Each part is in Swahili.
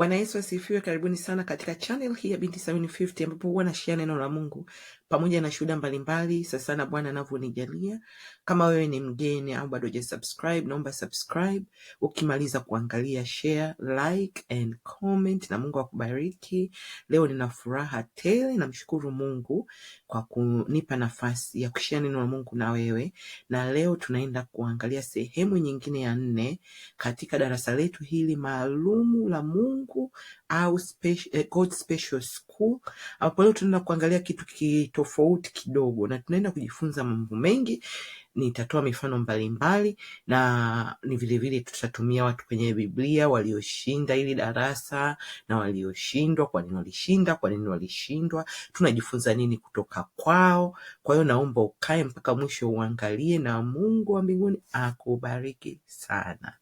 Bwana Yesu asifiwe. Karibuni sana katika channel hii ya Binti 750 ambapo huwa nashia neno la Mungu pamoja na shuhuda mbalimbali, sasa na Bwana anavyonijalia. Kama wewe ni mgeni au bado hujasubscribe, naomba subscribe. Ukimaliza kuangalia, share, like and comment, na Mungu akubariki. Leo nina furaha tele, namshukuru Mungu kwa kunipa nafasi ya kushia neno la Mungu na wewe, na leo tunaenda kuangalia sehemu nyingine ya nne katika darasa letu hili maalumu la Mungu Mungu au special, eh, God Special School, ambapo leo tunaenda kuangalia kitu kitofauti kidogo na tunaenda kujifunza mambo mengi. Nitatoa mifano mbalimbali mbali, na ni vilevile tutatumia watu kwenye Biblia walioshinda ili darasa na walioshindwa, kwa nini walishinda, kwa nini walishindwa, tunajifunza nini kutoka kwao. Kwa hiyo naomba ukae mpaka mwisho uangalie, na Mungu wa mbinguni akubariki sana.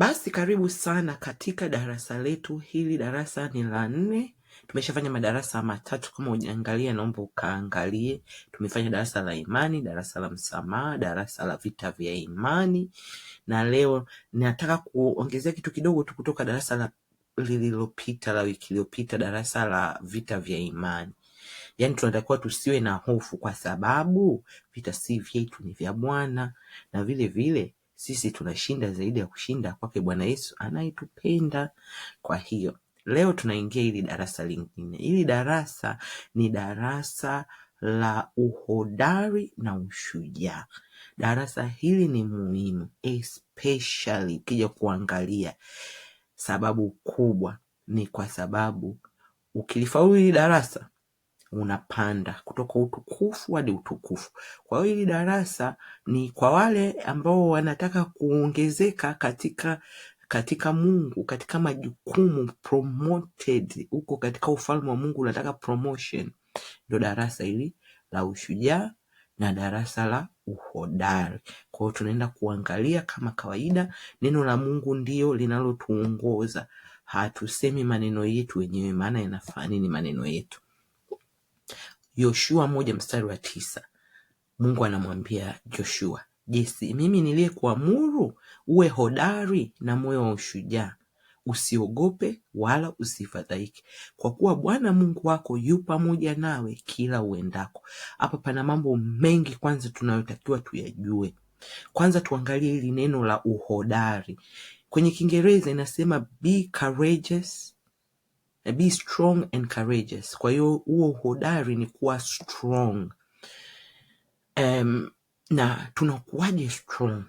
Basi karibu sana katika darasa letu hili. Darasa ni la nne, tumeshafanya madarasa matatu. Kama ujaangalia, naomba ukaangalie. Tumefanya darasa la imani, darasa la msamaha, darasa la vita vya imani, na leo nataka kuongezea kitu kidogo tu kutoka darasa la lililopita la wiki iliyopita, darasa la vita vya imani. Yaani tunatakiwa tusiwe na hofu, kwa sababu vita si vyetu, ni vya Bwana, na vile vile sisi tunashinda zaidi ya kushinda kwake Bwana Yesu anayetupenda. Kwa hiyo leo tunaingia hili darasa lingine. Hili darasa ni darasa la uhodari na ushujaa. Darasa hili ni muhimu especially ukija kuangalia sababu kubwa ni kwa sababu ukilifaulu hili darasa unapanda kutoka utukufu hadi utukufu. Kwa hiyo hili darasa ni kwa wale ambao wanataka kuongezeka katika katika Mungu, katika majukumu, promoted huko katika ufalme wa Mungu, unataka promotion, ndio darasa hili la ushujaa na darasa la uhodari. Kwa hiyo tunaenda kuangalia kama kawaida, neno la Mungu ndio linalotuongoza. Hatusemi maneno yetu wenyewe, maana nini maneno yetu. Yoshua moja mstari wa tisa Mungu anamwambia Joshua, jesi mimi niliyekuamuru uwe hodari na moyo wa ushujaa, usiogope wala usifadhaike, kwa kuwa Bwana Mungu wako yu pamoja nawe kila uendako. Hapa pana mambo mengi kwanza tunayotakiwa tuyajue. Kwanza tuangalie hili neno la uhodari. Kwenye Kiingereza inasema be courageous be strong and courageous. Kwa hiyo huo uhodari ni kuwa strong. Um, na tunakuwaje strong?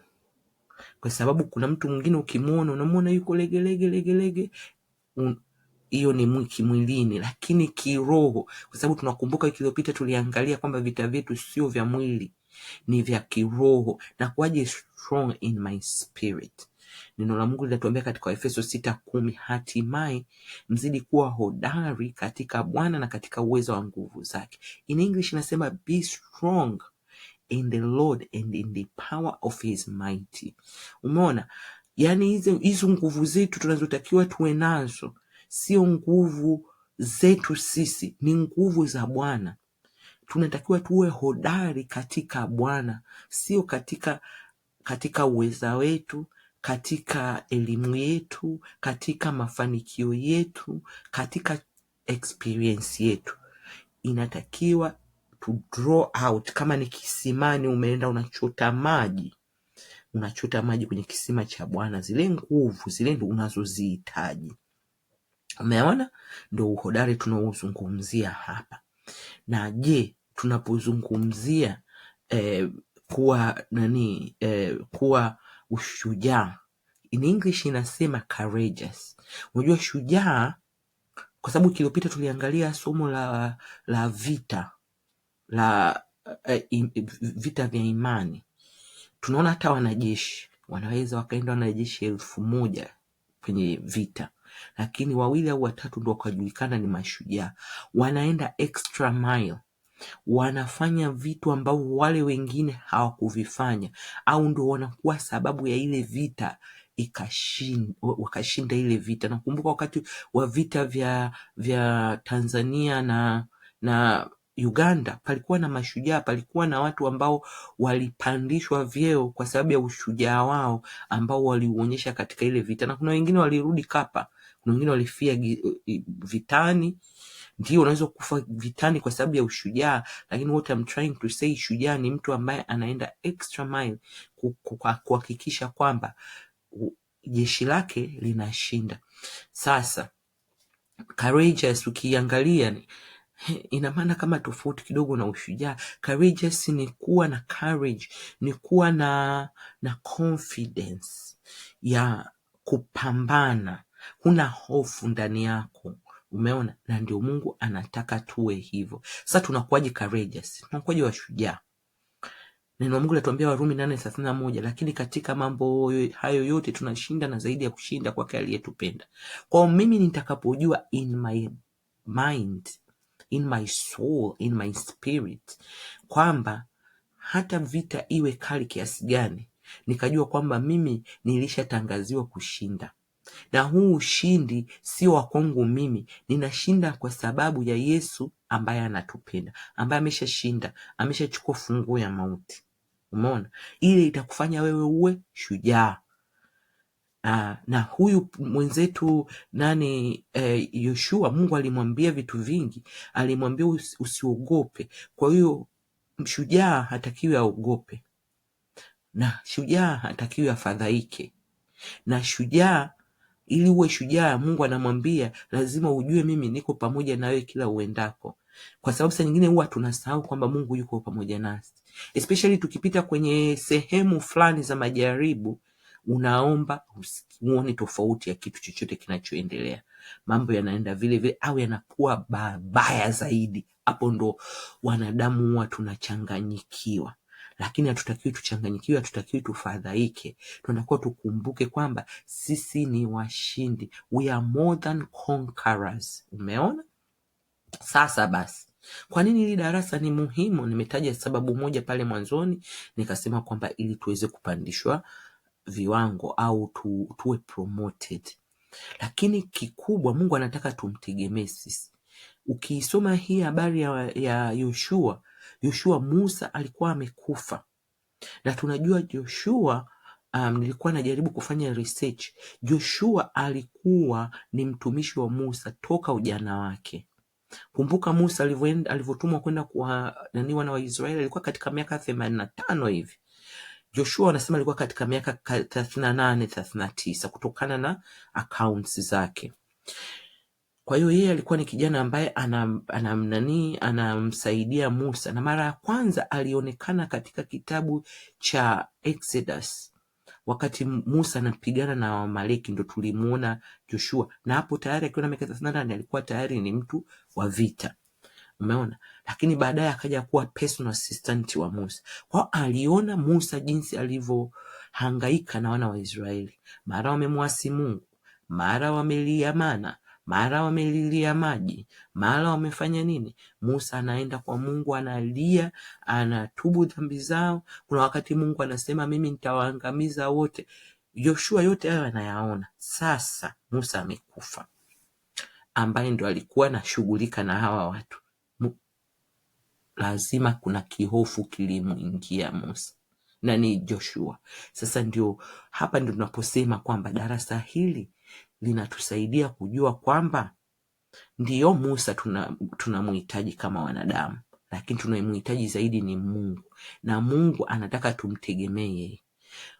Kwa sababu kuna mtu mwingine ukimwona, unamwona yuko legelege legelege, hiyo ni mwiki mwilini, lakini kiroho, kwa sababu tunakumbuka wiki iliyopita tuliangalia kwamba vita vyetu sio vya mwili, ni vya kiroho. Na strong in my spirit Neno la Mungu linatuambia katika Waefeso sita kumi hatimaye mzidi kuwa hodari katika Bwana na katika uwezo wa nguvu zake. In English inasema be strong in the Lord and in the power of his might. Umeona, yaani hizo nguvu zetu tunazotakiwa tuwe nazo sio nguvu zetu sisi, ni nguvu za Bwana. Tunatakiwa tuwe hodari katika Bwana, sio katika katika uweza wetu katika elimu yetu, katika mafanikio yetu, katika experience yetu. Inatakiwa to draw out. Kama ni kisimani, umeenda unachota maji, unachota maji kwenye kisima cha Bwana, zile nguvu zile ndo unazozihitaji. Umeona, ndo uhodari tunaozungumzia hapa. Na je, tunapozungumzia eh, kuwa nani eh, kuwa ushujaa. In English inasema courageous. Unajua shujaa, kwa sababu kilopita tuliangalia somo la, la vita la uh, vita vya imani. Tunaona hata wanajeshi wanaweza wakaenda wanajeshi elfu moja kwenye vita, lakini wawili au watatu ndo wakajulikana ni mashujaa, wanaenda extra mile wanafanya vitu ambavyo wale wengine hawakuvifanya au ndo wanakuwa sababu ya ile vita ikashinda, wakashinda ile vita. Nakumbuka wakati wa vita vya vya Tanzania na na Uganda palikuwa na mashujaa, palikuwa na watu ambao walipandishwa vyeo kwa sababu ya ushujaa wao ambao waliuonyesha katika ile vita, na kuna wengine walirudi Kapa, kuna wengine walifia vitani ndio unaweza kufa vitani kwa sababu ya ushujaa, lakini what I'm trying to say, shujaa ni mtu ambaye anaenda extra mile kuhakikisha kwamba jeshi lake linashinda. Sasa courageous ukiangalia ina maana kama tofauti kidogo na ushujaa. Courageous ni kuwa na courage, ni kuwa na na confidence ya kupambana, huna hofu ndani yako. Umeona, na ndio Mungu anataka tuwe hivyo. Sasa tunakuwaje courageous? Tunakuwaje washujaa? Neno Mungu latuambia Warumi nane thelathini na moja, lakini katika mambo hayo yote tunashinda na zaidi ya kushinda kwake aliyetupenda. Kwa mimi nitakapojua in my mind, in my soul, in my spirit kwamba hata vita iwe kali kiasi gani, nikajua kwamba mimi nilishatangaziwa kushinda na huu ushindi sio wa kwangu mimi, ninashinda kwa sababu ya Yesu ambaye anatupenda, ambaye ameshashinda, ameshachukua funguo ya mauti. Umeona, ile itakufanya wewe uwe shujaa. Aa, ah, na huyu mwenzetu nani e, Yoshua, Mungu alimwambia vitu vingi, alimwambia usiogope. Kwa hiyo shujaa hatakiwi aogope, na shujaa hatakiwi afadhaike, na shujaa ili uwe shujaa Mungu anamwambia lazima ujue mimi niko pamoja na wewe kila uendako. Kwa sababu saa nyingine huwa tunasahau kwamba Mungu yuko pamoja nasi. Especially tukipita kwenye sehemu fulani za majaribu, unaomba uone tofauti ya kitu chochote kinachoendelea. Mambo yanaenda vile vile au yanakuwa babaya zaidi. Hapo ndo wanadamu huwa tunachanganyikiwa lakini hatutakiwi tuchanganyikiwe, hatutakiwi tufadhaike. Tunatakiwa tukumbuke kwamba sisi ni washindi, we are more than conquerors. Umeona? Sasa basi kwa nini hili darasa ni muhimu? Nimetaja sababu moja pale mwanzoni, nikasema kwamba ili tuweze kupandishwa viwango au tu, tuwe promoted. Lakini kikubwa Mungu anataka tumtegemee sisi. Ukiisoma hii habari ya, ya Yoshua Yoshua Musa alikuwa amekufa, na tunajua Joshua um, nilikuwa najaribu kufanya research. Joshua alikuwa ni mtumishi wa Musa toka ujana wake. Kumbuka Musa alivyotumwa kwenda kuwananiwa na Waisraeli alikuwa katika miaka themanini na tano hivi. Joshua anasema alikuwa katika miaka thelathini na nane thelathini na tisa kutokana na accounts zake. Kwa hiyo yeye alikuwa ni kijana ambaye anam, anam anamsaidia Musa, na mara ya kwanza alionekana katika kitabu cha Exodus wakati Musa anapigana na Wamaleki, ndo tulimuona Joshua, na hapo tayari akiwa na miaka thelathini alikuwa tayari ni mtu wa vita. Umeona, lakini baadaye akaja kuwa personal assistant wa Musa. Kwao aliona Musa jinsi alivyohangaika na wana wa Israeli, mara wamemwasi Mungu, mara wameliamana, mara wamelilia maji, mara wamefanya nini. Musa anaenda kwa Mungu, analia, anatubu dhambi zao. Kuna wakati Mungu anasema mimi nitawaangamiza wote. Yoshua yote hayo anayaona. Sasa Musa amekufa, ambaye ndo alikuwa anashughulika na hawa watu. Lazima kuna kihofu kilimwingia Musa na ni Joshua. Sasa ndio hapa ndio tunaposema kwamba darasa hili linatusaidia kujua kwamba ndiyo Musa tunamhitaji tuna kama wanadamu, lakini tunayemhitaji zaidi ni Mungu, na Mungu anataka tumtegemee yeye.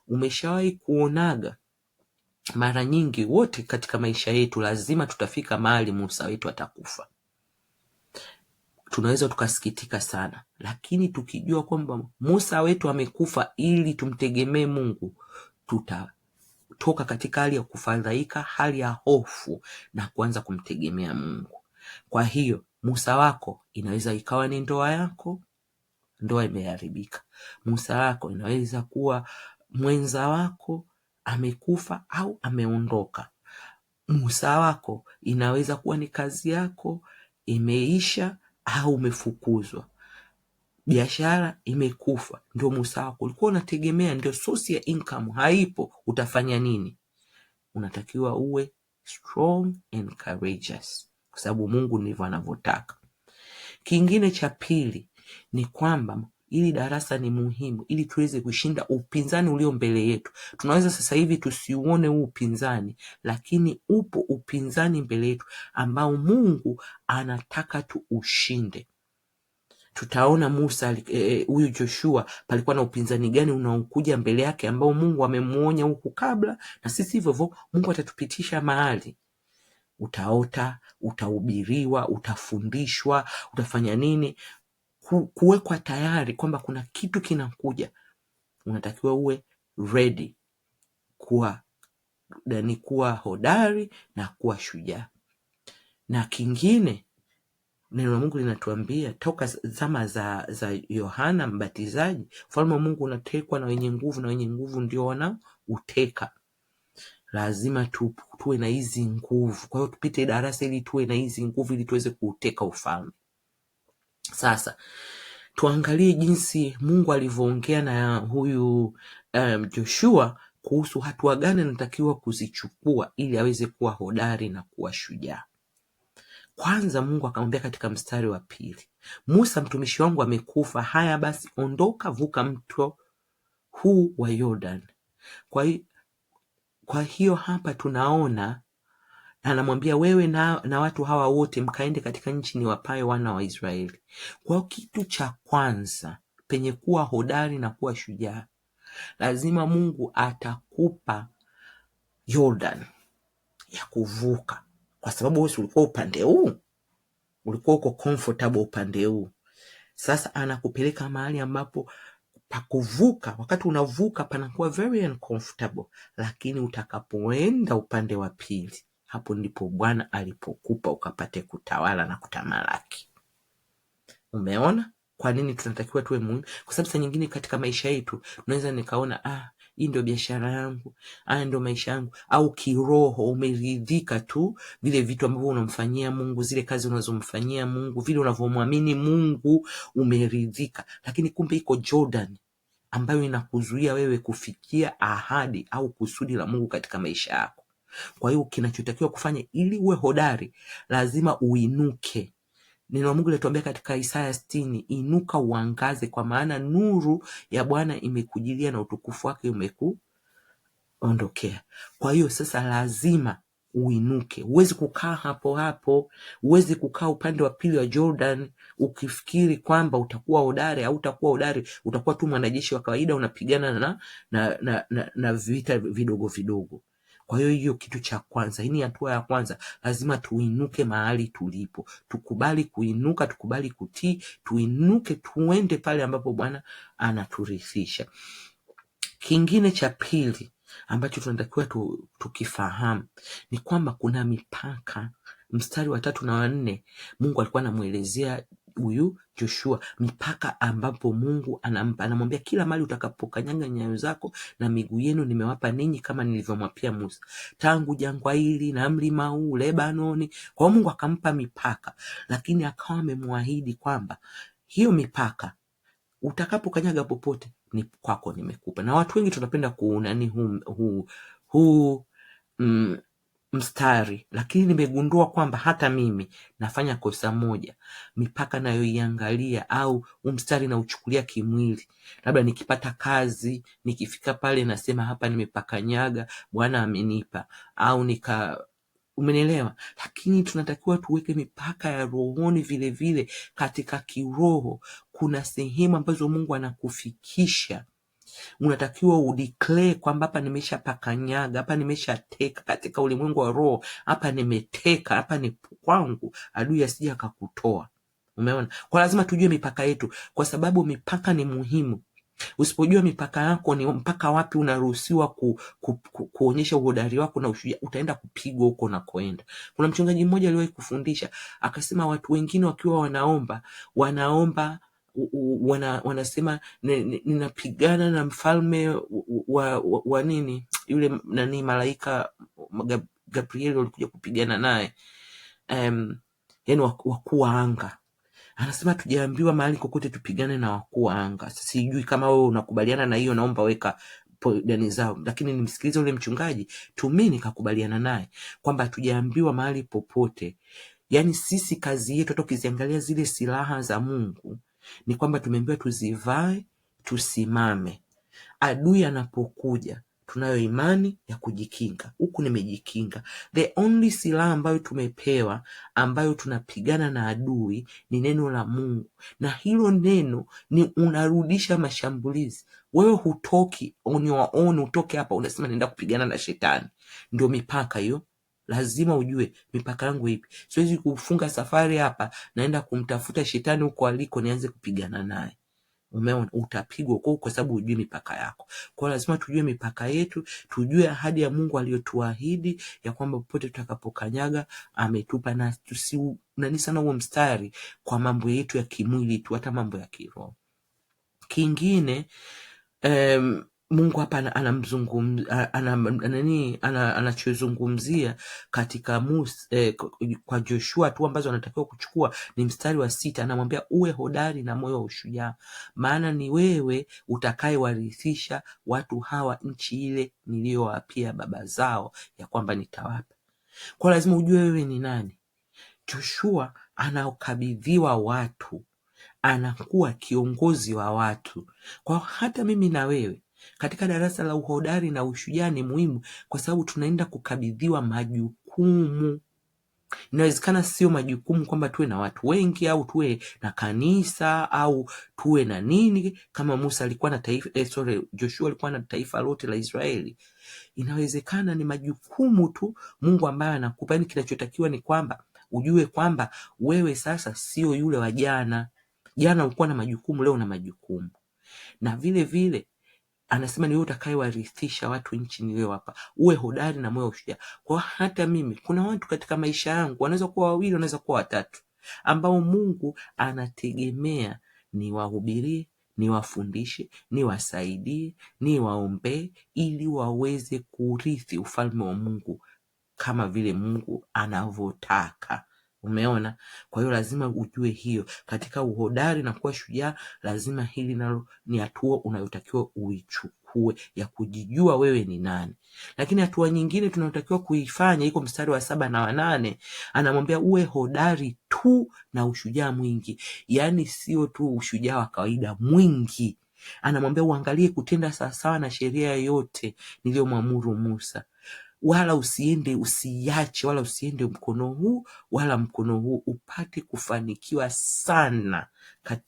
Umeshawahi kuonaga mara nyingi, wote katika maisha yetu lazima tutafika mahali Musa wetu atakufa. Tunaweza tukasikitika sana, lakini tukijua kwamba Musa wetu amekufa ili tumtegemee Mungu tuta kutoka katika hali ya kufadhaika, hali ya hofu na kuanza kumtegemea Mungu. Kwa hiyo Musa wako inaweza ikawa ni ndoa yako, ndoa imeharibika. Musa wako inaweza kuwa mwenza wako amekufa au ameondoka. Musa wako inaweza kuwa ni kazi yako imeisha au umefukuzwa biashara imekufa, ndio musa wako ulikuwa unategemea, ndio source ya income, haipo, utafanya nini? Unatakiwa uwe strong and courageous, kwa sababu Mungu ndivyo anavyotaka. Kingine cha pili ni kwamba ili darasa ni muhimu ili tuweze kushinda upinzani ulio mbele yetu. Tunaweza sasa hivi tusiuone huu upinzani, lakini upo upinzani mbele yetu ambao Mungu anataka tu ushinde tutaona Musa e, e, huyu e, Joshua palikuwa na upinzani gani unaokuja mbele yake ambao Mungu amemuonya huku kabla, na sisi hivyo hivyo Mungu atatupitisha mahali utaota, utahubiriwa, utafundishwa, utafanya nini, kuwekwa tayari kwamba kuna kitu kinakuja. Unatakiwa uwe ready kuwa ni kuwa hodari na kuwa shujaa. Na kingine Neno la Mungu linatuambia toka zama za za Yohana Mbatizaji, ufalme wa Mungu unatekwa na wenye nguvu, na wenye nguvu ndio wana uteka Lazima tu, tuwe na hizi nguvu. Kwa hiyo tupite darasa ili tuwe na hizi nguvu, ili tuweze kuuteka ufalme. Sasa tuangalie jinsi Mungu alivyoongea na huyu um, Joshua kuhusu hatua gani anatakiwa kuzichukua ili aweze kuwa hodari na kuwa shujaa. Kwanza Mungu akamwambia katika mstari wa pili, Musa mtumishi wangu amekufa. Haya basi, ondoka, vuka mto huu wa yordan Kwa, hi, kwa hiyo hapa tunaona anamwambia wewe na, na watu hawa wote mkaende katika nchi ni wapae wana wa Israeli. Kwa kitu cha kwanza penye kuwa hodari na kuwa shujaa, lazima Mungu atakupa yordan ya kuvuka kwa sababu wewe ulikuwa upande huu, ulikuwa uko comfortable upande huu. Sasa anakupeleka mahali ambapo pakuvuka, wakati unavuka panakuwa very uncomfortable, lakini utakapoenda upande wa pili, hapo ndipo Bwana alipokupa ukapate kutawala na kutamalaki. Umeona kwa nini tunatakiwa tuwe muhimu? Kwa sababu saa nyingine katika maisha yetu tunaweza nikaona ah, hii ndio biashara yangu, haya ndio maisha yangu, au kiroho umeridhika tu vile vitu ambavyo unamfanyia Mungu, zile kazi unazomfanyia Mungu, vile unavyomwamini Mungu umeridhika. Lakini kumbe iko Jordan ambayo inakuzuia wewe kufikia ahadi au kusudi la Mungu katika maisha yako. Kwa hiyo kinachotakiwa kufanya ili uwe hodari, lazima uinuke Neno la Mungu linatuambia katika Isaya sitini, inuka uangaze, kwa maana nuru ya Bwana imekujilia na utukufu wake umekuondokea. Kwa hiyo sasa lazima uinuke. Huwezi kukaa hapo hapo, huwezi kukaa upande wa pili wa Jordan ukifikiri kwamba utakuwa hodari au utakuwa hodari, utakuwa tu mwanajeshi wa kawaida unapigana na, na, na, na, na vita vidogo vidogo. Kwa hiyo hiyo kitu cha kwanza, hii ni hatua ya kwanza, lazima tuinuke mahali tulipo, tukubali kuinuka, tukubali kutii, tuinuke, tuende pale ambapo Bwana anaturithisha. Kingine cha pili ambacho tunatakiwa tu, tukifahamu ni kwamba kuna mipaka. Mstari wa tatu na wanne Mungu alikuwa anamwelezea huyu Joshua mipaka ambapo Mungu anampa, anamwambia kila mahali utakapokanyanga nyayo zako na miguu yenu nimewapa ninyi, kama nilivyomwapia Musa, tangu jangwa hili na mlima huu Lebanoni. Kwa Mungu akampa mipaka, lakini akawa amemwahidi kwamba hiyo mipaka utakapokanyaga popote ni kwako nimekupa. Na watu wengi tunapenda kuunani huu huu, huu mm, mstari lakini nimegundua kwamba hata mimi nafanya kosa moja mipaka nayoiangalia au umstari mstari nauchukulia kimwili labda nikipata kazi nikifika pale nasema hapa nimepakanyaga bwana amenipa au nika umenelewa lakini tunatakiwa tuweke mipaka ya rohoni vile vile katika kiroho kuna sehemu ambazo mungu anakufikisha unatakiwa udeclare kwamba hapa nimeshapakanyaga, hapa nimeshateka katika ulimwengu wa roho, hapa nimeteka, hapa ni kwangu, adui asija akakutoa. Umeona, kwa lazima tujue mipaka yetu, kwa sababu mipaka ni muhimu. Usipojua mipaka yako ni mpaka wapi unaruhusiwa ku, ku, ku, kuonyesha uhodari wako na ushujaa, utaenda kupigwa huko unakoenda. Kuna mchungaji mmoja aliwahi kufundisha akasema, watu wengine wakiwa wanaomba wanaomba wana, wanasema ninapigana na mfalme wa, wa, wa nini yule nani malaika Gabriel walikuja kupigana naye um, yani wakuu wa anga anasema tujaambiwa mahali kokote tupigane na wakuu wa anga. Sijui kama wewe unakubaliana na hiyo, naomba weka dani zao, lakini nimsikiliza yule mchungaji tumi nikakubaliana naye kwamba tujaambiwa mahali popote. Yaani sisi kazi yetu, hata ukiziangalia zile silaha za Mungu ni kwamba tumeambiwa tuzivae, tusimame. Adui anapokuja tunayo imani ya kujikinga, huku nimejikinga. The only silaha ambayo tumepewa ambayo tunapigana na adui ni neno la Mungu, na hilo neno ni unarudisha mashambulizi. Wewe hutoki on your own, utoke hapa unasema naenda kupigana na shetani. Ndio mipaka hiyo lazima ujue mipaka yangu ipi. Siwezi kufunga safari hapa, naenda kumtafuta shetani huko aliko, nianze kupigana naye. Umeona, utapigwa huko kwa sababu hujui mipaka yako. Kwa lazima tujue mipaka yetu, tujue ahadi ya Mungu aliyotuahidi ya kwamba popote tutakapokanyaga ametupa, na nani sana huo mstari kwa mambo yetu ya kimwili tu, hata mambo ya kiroho. Kingine um, Mungu hapa anamzungumza anachozungumzia katika mus, eh, kwa Joshua tu ambazo anatakiwa kuchukua ni mstari wa sita. Anamwambia uwe hodari na moyo wa ushujaa, maana ni wewe utakayewarithisha watu hawa nchi ile niliyowapia baba zao ya kwamba nitawapa. Kwa lazima ujue wewe ni nani. Joshua anaokabidhiwa watu, anakuwa kiongozi wa watu. Kwa hata mimi na wewe katika darasa la uhodari na ushujaa ni muhimu kwa sababu tunaenda kukabidhiwa majukumu. Inawezekana sio majukumu kwamba tuwe na watu wengi au tuwe na kanisa au tuwe na nini, kama Musa alikuwa na taifa eh, sorry, Joshua alikuwa na taifa lote la Israeli. Inawezekana ni majukumu tu Mungu ambaye anakupa. Yani kinachotakiwa ni kwamba ujue kwamba wewe sasa sio yule wa jana. Jana ulikuwa na majukumu, leo una majukumu, na vile vile anasema ni wewe utakayewarithisha watu nchi niliyowapa, uwe hodari na moyo wa ushujaa. Kwa hata mimi kuna watu katika maisha yangu wanaweza kuwa wawili, wanaweza kuwa watatu, ambao Mungu anategemea niwahubirie, niwafundishe, niwasaidie, niwaombee ili waweze kurithi ufalme wa Mungu kama vile Mungu anavyotaka. Umeona? Kwa hiyo lazima ujue hiyo. Katika uhodari na kuwa shujaa, lazima hili nalo ni hatua unayotakiwa uichukue ya kujijua wewe ni nani. Lakini hatua nyingine tunayotakiwa kuifanya iko mstari wa saba na wanane, anamwambia uwe hodari tu na ushujaa mwingi, yaani sio tu ushujaa wa kawaida, mwingi anamwambia uangalie kutenda sawasawa na sheria yote niliyomwamuru Musa wala usiende, usiache, wala usiende mkono huu wala mkono huu, upate kufanikiwa sana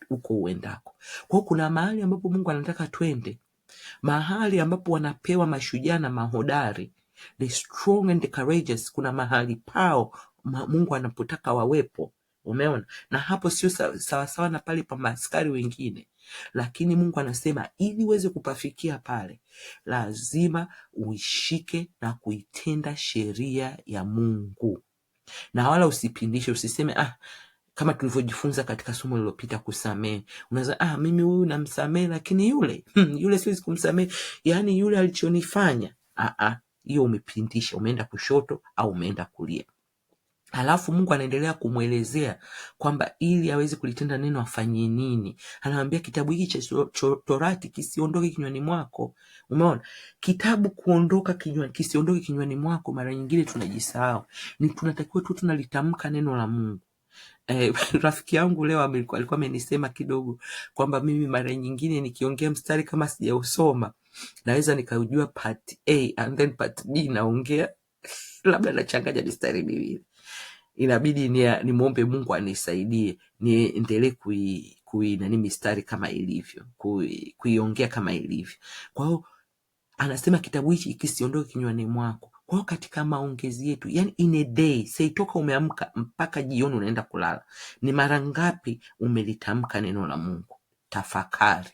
huko uendako. Kwa kuna mahali ambapo Mungu anataka twende, mahali ambapo wanapewa mashujaa na mahodari, the strong and the courageous. Kuna mahali pao Mungu anapotaka wawepo, umeona. Na hapo sio sawasawa na pale pa maaskari wengine lakini Mungu anasema ili uweze kupafikia pale, lazima uishike na kuitenda sheria ya Mungu, na wala usipindishe. Usiseme ah, kama tulivyojifunza katika somo lililopita kusamehe. Unaweza ah, mimi huyu namsamehe, lakini yule hmm, yule siwezi kumsamehe, yaani yule alichonifanya. Ah, ah, hiyo umepindisha, umeenda kushoto au umeenda kulia. Alafu Mungu anaendelea kumwelezea kwamba ili aweze kulitenda neno afanye nini. Anamwambia kitabu hiki cha Torati kisiondoke kinywani mwako. Umeona? Kitabu kuondoka kinywani, kisiondoke kinywani mwako, mara nyingine tunajisahau. Ni tunatakiwa tu tunalitamka neno la Mungu. Eh, rafiki yangu leo alikuwa amenisema kidogo kwamba mimi mara nyingine nikiongea mstari kama sijausoma naweza nikajua part A and then part B naongea labda nachanganya mistari miwili inabidi nimwombe Mungu anisaidie niendelee kui, kui nani mistari kama ilivyo kui, kuiongea kama ilivyo. Kwa hiyo anasema kitabu hichi kisiondoke kinywani mwako. Kwa hiyo katika maongezi yetu, yani in a day, sei toka umeamka mpaka jioni unaenda kulala, ni mara ngapi umelitamka neno la Mungu? Tafakari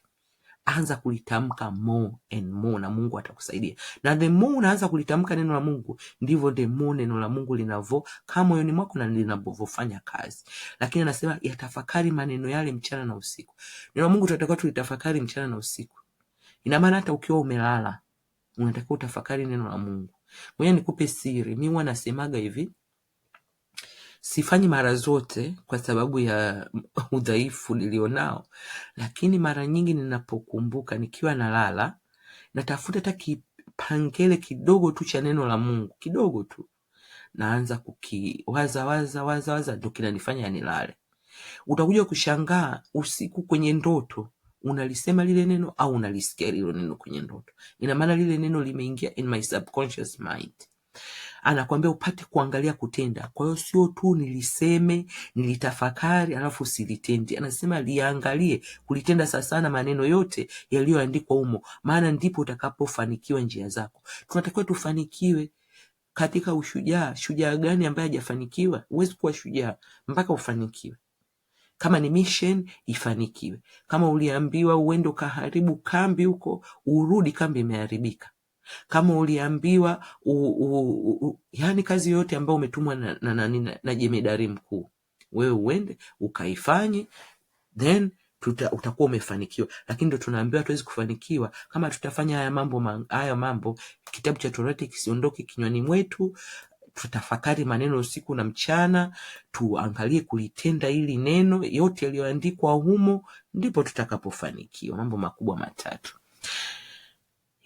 anza kulitamka more and more, na Mungu atakusaidia. Na the more unaanza kulitamka neno la Mungu, ndivyo the more neno la Mungu linavyokaa moyoni mwako na linavofanya kazi. Lakini anasema yatafakari maneno yale mchana na usiku. Neno la Mungu tunatakiwa tulitafakari mchana na usiku. Ina maana hata ukiwa umelala unatakiwa utafakari neno la Mungu. Ngoja nikupe siri, mimi huwa nasemaga hivi Sifanyi mara zote kwa sababu ya udhaifu nilionao, lakini mara nyingi ninapokumbuka nikiwa nalala, natafuta hata kipangele kidogo tu cha neno la Mungu, kidogo tu, naanza kukiwaza waza waza waza, ndio kinanifanya nilale. Utakuja kushangaa usiku kwenye ndoto unalisema lile neno au unalisikia lile neno kwenye ndoto. Ina maana lile neno limeingia in my subconscious mind anakwambia upate kuangalia kutenda. Kwa hiyo sio tu niliseme, nilitafakari alafu silitendi Anasema liangalie kulitenda sasana maneno yote yaliyoandikwa humo, maana ndipo utakapofanikiwa njia zako. Tunatakiwa tufanikiwe katika ushujaa. Shujaa gani ambaye hajafanikiwa? Huwezi kuwa shujaa mpaka ufanikiwe. Kama ni mission ifanikiwe. Kama uliambiwa uende ukaharibu kambi huko, urudi kambi imeharibika kama uliambiwa u, u, u, yani kazi yoyote ambayo umetumwa na, na, na, na, na jemedari mkuu wewe uende ukaifanye then tuta, utakuwa umefanikiwa, lakini ndo tunaambiwa tuwezi kufanikiwa kama tutafanya haya mambo haya mambo. Kitabu cha Torati kisiondoke kinywani mwetu, tutafakari maneno usiku na mchana, tuangalie kulitenda hili neno, yote yaliyoandikwa humo, ndipo tutakapofanikiwa. Mambo makubwa matatu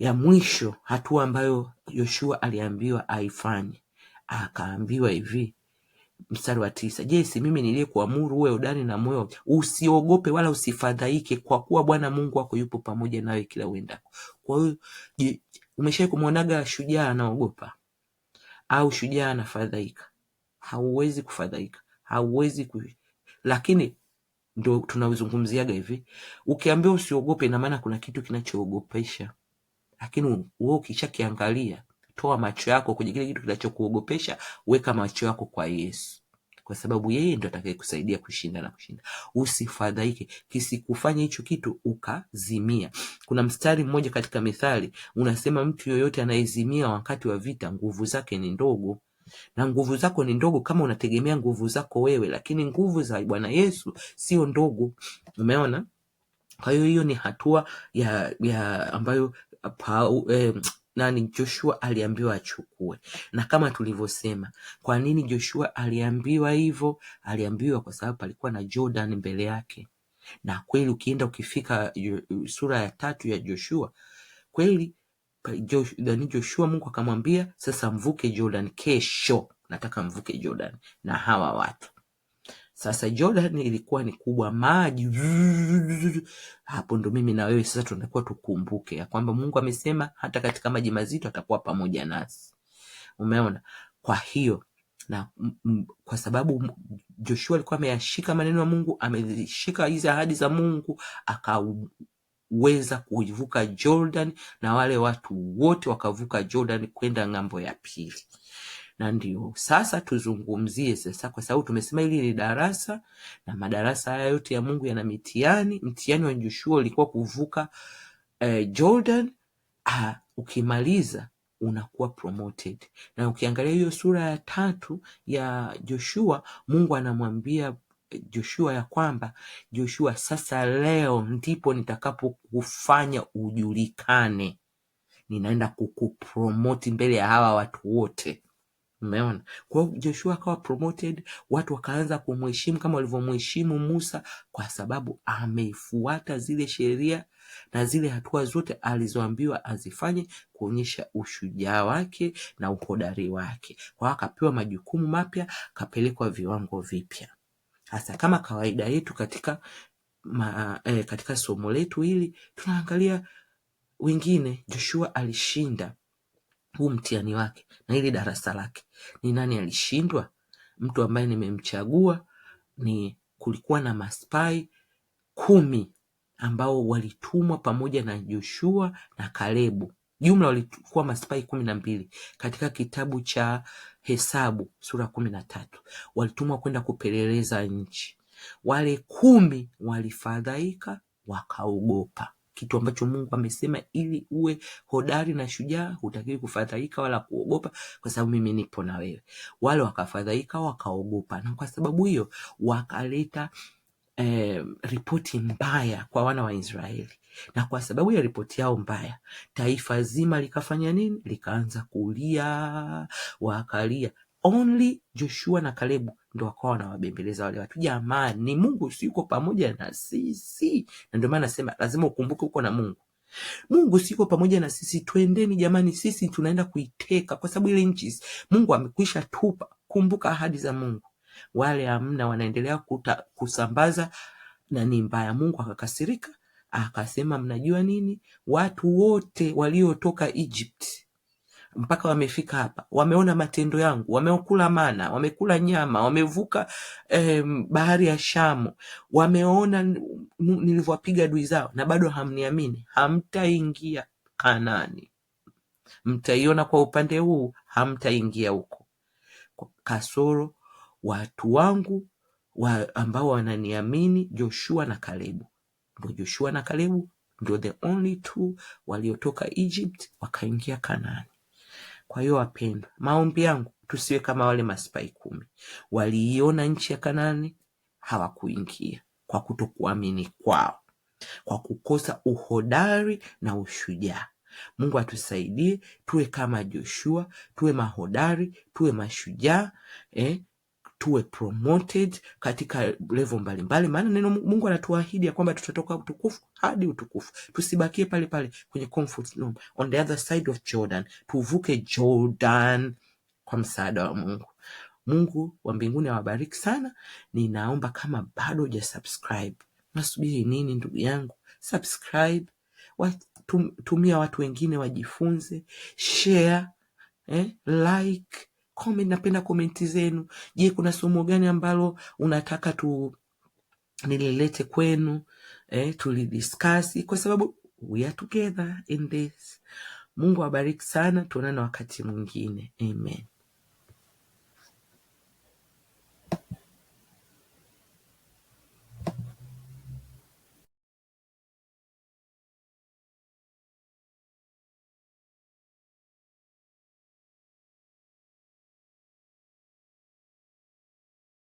ya mwisho hatua ambayo Yoshua aliambiwa aifanye akaambiwa hivi mstari wa tisa je si mimi niliyekuamuru uwe hodari na moyo usiogope wala usifadhaike kwa kuwa Bwana Mungu wako yupo pamoja nawe kila uendako kwa hiyo umeshawahi kumwonaga shujaa anaogopa au shujaa anafadhaika hauwezi kufadhaika hauwezi ku... lakini ndo tunazungumziaga hivi ukiambiwa usiogope ina maana kuna kitu kinachoogopesha lakini wewe ukishakiangalia toa macho yako kwenye kile kitu kinachokuogopesha, weka macho yako kwa Yesu, kwa sababu yeye ndo atakayekusaidia kushinda na kushinda. Usifadhaike, kisikufanya hicho kitu ukazimia. Kuna mstari mmoja katika Mithali unasema, mtu yoyote anayezimia wakati wa vita, nguvu zake ni ndogo na nguvu zako ni ndogo kama unategemea nguvu zako wewe, lakini nguvu za Bwana Yesu sio ndogo. Umeona? Kwa hiyo hiyo ni hatua ya, ya ambayo pa, eh, nani Joshua aliambiwa achukue, na kama tulivyosema, kwa nini Joshua aliambiwa hivyo? Aliambiwa kwa sababu palikuwa na Jordan mbele yake, na kweli ukienda ukifika sura ya tatu ya Joshua kweli Joshua, Joshua Mungu akamwambia sasa mvuke Jordan, kesho nataka mvuke Jordan na hawa watu sasa Jordan ilikuwa ni kubwa, maji hapo. Ndo mimi na wewe sasa tunakuwa tukumbuke ya kwamba Mungu amesema hata katika maji mazito atakuwa pamoja nasi. Umeona? Kwa hiyo na kwa sababu Joshua alikuwa ameyashika maneno ya Mungu, amezishika hizi ahadi za Mungu, akaweza kuivuka Jordan na wale watu wote wakavuka Jordan kwenda ng'ambo ya pili na ndio sasa tuzungumzie sasa, kwa sababu tumesema hili ni darasa na madarasa haya yote ya Mungu yana mitihani. Mtihani wa Joshua ulikuwa kuvuka eh, Jordan. Ah, ukimaliza unakuwa promoted. Na ukiangalia hiyo sura ya tatu ya Joshua, Mungu anamwambia Joshua ya kwamba Joshua, sasa leo ndipo nitakapokufanya ujulikane, ninaenda kukupromoti mbele ya hawa watu wote. Mmeona? Kwa hiyo Joshua akawa promoted, watu wakaanza kumheshimu kama walivyomheshimu Musa, kwa sababu ameifuata zile sheria na zile hatua zote alizoambiwa azifanye, kuonyesha ushujaa wake na uhodari wake. Kwa hiyo akapewa majukumu mapya, akapelekwa viwango vipya. Hasa kama kawaida yetu katika ma, eh, katika somo letu hili tunaangalia wengine. Joshua alishinda huu mtihani wake na ili darasa lake. Ni nani alishindwa? Mtu ambaye nimemchagua ni kulikuwa na maspai kumi ambao walitumwa pamoja na Joshua na Kalebu. Jumla walikuwa maspai kumi na mbili katika kitabu cha Hesabu sura kumi na tatu walitumwa kwenda kupeleleza nchi. Wale kumi walifadhaika, wakaogopa kitu ambacho Mungu amesema. Ili uwe hodari na shujaa, hutakiwi kufadhaika wala kuogopa, kwa sababu mimi nipo na wewe. Wale wakafadhaika wakaogopa, na kwa sababu hiyo wakaleta eh, ripoti mbaya kwa wana wa Israeli na kwa sababu ya ripoti yao mbaya, taifa zima likafanya nini? Likaanza kulia, wakalia only Joshua na Kalebu ndo wakawa wanawabembeleza wale watu. Jamani, Mungu si yuko pamoja na sisi? Na ndio maana nasema lazima ukumbuke uko na Mungu. Mungu siko pamoja na sisi, twendeni jamani, sisi tunaenda kuiteka, kwa sababu ile nchi Mungu amekwisha tupa. Kumbuka ahadi za Mungu. Wale amna wanaendelea kuta, kusambaza na ni mbaya. Mungu akakasirika akasema, mnajua nini? Watu wote waliotoka Egypt mpaka wamefika hapa, wameona matendo yangu, wamekula mana, wamekula nyama, wamevuka eh, bahari ya Shamu, wameona nilivyowapiga dui zao, na bado hamniamini. Hamtaingia kanani mtaiona kwa upande huu, hamtaingia huko. Kasoro watu wangu wa ambao wananiamini, Joshua na Kalebu. Ndo Joshua na Kalebu ndo the only two waliotoka Egypt wakaingia Kanaani. Kwa hiyo wapendwa, maombi yangu tusiwe kama wale masipai kumi waliiona nchi ya kanani hawakuingia kwa kutokuamini kwao, kwa kukosa uhodari na ushujaa. Mungu atusaidie tuwe kama Joshua, tuwe mahodari, tuwe mashujaa eh, tuwe promoted katika level mbalimbali, maana neno Mungu anatuahidi ya kwamba tutatoka utukufu hadi utukufu. Tusibakie pale pale kwenye comfort zone, on the other side of Jordan, tuvuke Jordan kwa msaada wa Mungu. Mungu wa mbinguni awabariki sana. Ninaomba kama bado huja subscribe, nasubiri nini ndugu yangu? Subscribe, tumia watu wengine wajifunze, share, eh, like comment, napenda komenti zenu. Je, kuna somo gani ambalo unataka tu nililete kwenu eh, tulidiskasi kwa sababu we are together in this. Mungu awabariki sana, tuonane wakati mwingine. Amen.